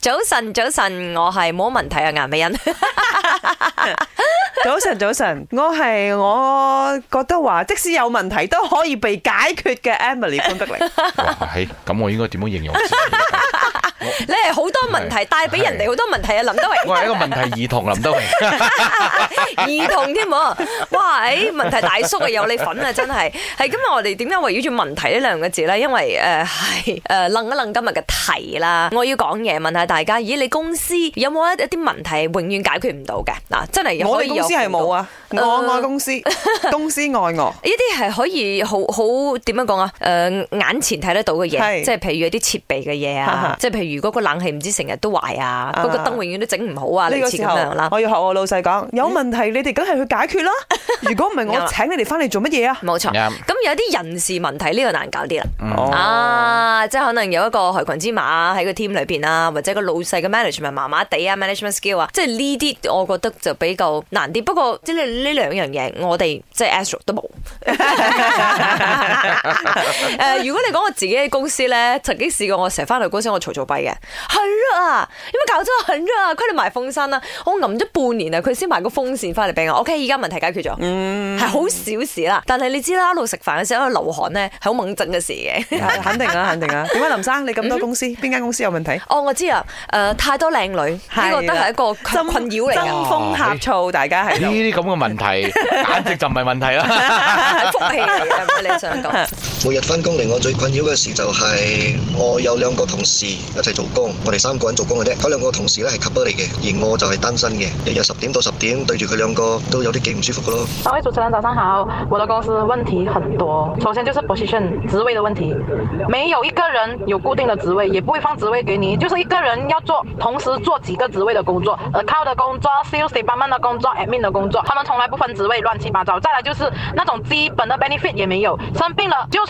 早晨，早晨，我係冇問題啊，顏美欣。早晨，早晨，我係我覺得話，即使有問題都可以被解決嘅，Emily 潘德玲。哇，係，咁我應該點樣形容？問題帶俾人哋好多問題啊！是林德榮，我係一個問題兒童， 林德榮 兒童添、啊、喎！哇！誒、欸，問題大叔啊，有你份啊，真係，係咁我哋點樣圍繞住問題呢兩個字咧？因為誒係誒諗一諗今日嘅題啦。我要講嘢，問下大家：咦、呃，你公司有冇一啲問題永遠解決唔到嘅？嗱、啊，真係我哋公司係冇啊，呃、我愛公司， 公司愛我。呢啲係可以好好點樣講啊？誒、呃，眼前睇得到嘅嘢，是即係譬如有啲設備嘅嘢啊， 即係譬如嗰個冷氣唔知。成日都壞啊！嗰、啊、個燈永遠都整唔好啊！呢個時候，我要學我老細講，嗯、有問題你哋梗係去解決啦、啊。如果唔係，我請你哋翻嚟做乜嘢啊？冇錯錯。咁、嗯、有啲人事問題呢、呢個難搞啲啦。哦。啊。即係可能有一個害群之馬喺個 team 裏邊啊，或者個老細嘅 management 麻麻地啊，management skill 啊，即係呢啲我覺得就比較難啲。不過即係呢兩樣嘢，我哋即係 Astro 都冇。誒，如果你講我自己嘅公司咧，曾經試過我成日翻嚟公司我嘈嘈閉嘅，係 啊，因為搞真係，係啊，佢哋埋風扇啦、啊，我冧咗半年啊，佢先買個風扇翻嚟俾我。OK，而家問題解決咗，係好、嗯、小事啦。但係你知啦，一路食飯嘅時候流汗咧，係好猛震嘅事嘅，肯定啊，肯定。點解林生，你咁多公司，邊間、嗯、哼公司有問題？哦，我知啊，誒、呃，太多靚女，呢個都係一個困擾嚟，爭風呷醋，大家係呢啲咁嘅問題，簡直就唔係問題啦。 係福氣嚟嘅，唔係你想講。 每日翻工令我最困擾嘅事就係我有兩個同事一齊做工，我哋三個人做工嘅啫。有兩個同事咧係 couple 嚟嘅，而我就係單身嘅。日日十點到十點對住佢兩個，都有啲幾唔舒服嘅咯。三位主持人早上好，我的公司問題很多，首先就是 position 職位的問題，沒有一個人有固定的職位，也不會放職位給你，就是一個人要做同時做幾個職位的工作，account、呃、的工作、silly 幫忙的工作、admin 的工作，他們從來不分職位，亂七八糟。再來就是那種基本的 benefit 也沒有，生病了就是。